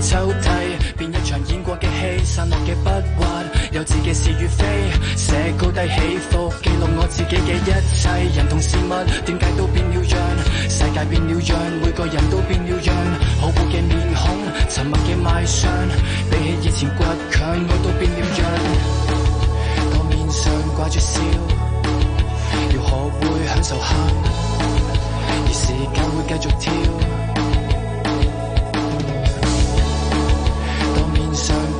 抽屜，變一場演過嘅戲，散落嘅筆畫，有自己是與非，寫高低起伏，記錄我自己嘅一切，人同事物點解都變了樣，世界變了樣，每個人都變了樣，好笑嘅面孔，沉默嘅賣相，比起以前倔強，我都變了樣。當面上掛住笑，要學會享受喊，而時間會繼續跳。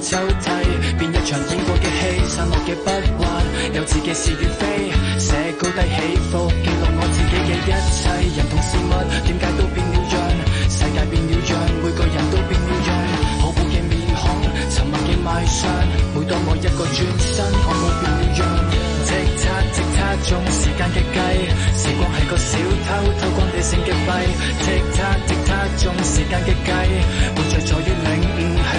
抽替變一場演過嘅戲，散落嘅筆畫，有自己是與非，寫高低起伏，記錄我自己嘅一切。人同事物點解都變了樣？世界變了樣，每個人都變了樣。好酷嘅面孔，沉默嘅賣相，每當我一個轉身，我冇變了樣。即擦即擦中，時間嘅計，時光係個小偷，偷光你剩嘅幣。即擦即擦中，時間嘅計，活着在於領。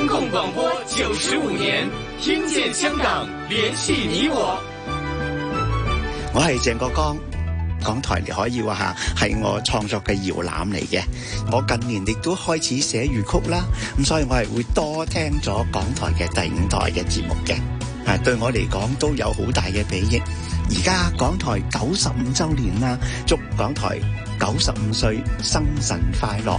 公共廣播九十五年，聽見香港，聯繫你我。我係鄭國江，港台你可以話下係我創作嘅搖籃嚟嘅。我近年亦都開始寫粵曲啦，咁所以我係會多聽咗港台嘅第五台嘅節目嘅，啊對我嚟講都有好大嘅裨益。而家港台九十五周年啦，祝港台九十五歲生辰快樂。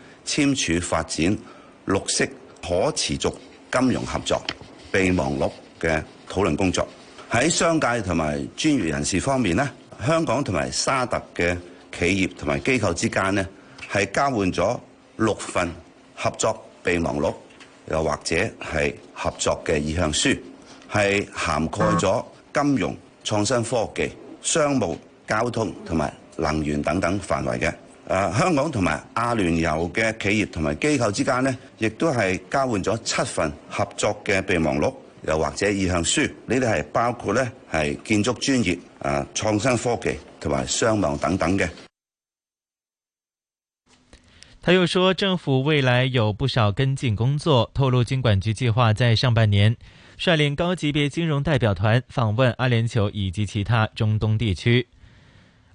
簽署發展綠色可持續金融合作備忘錄嘅討論工作，喺商界同埋專業人士方面咧，香港同埋沙特嘅企業同埋機構之間咧，係交換咗六份合作備忘錄，又或者係合作嘅意向書，係涵蓋咗金融、創新科技、商務、交通同埋能源等等範圍嘅。啊、香港同埋阿聯酋嘅企業同埋機構之間呢亦都係交換咗七份合作嘅備忘錄，又或者意向書。呢啲係包括呢係建築專業、誒、啊、創新科技同埋商務等等嘅。他又說，政府未來有不少跟進工作，透露金管局計劃在上半年，率領高級別金融代表團訪問阿聯酋以及其他中東地區。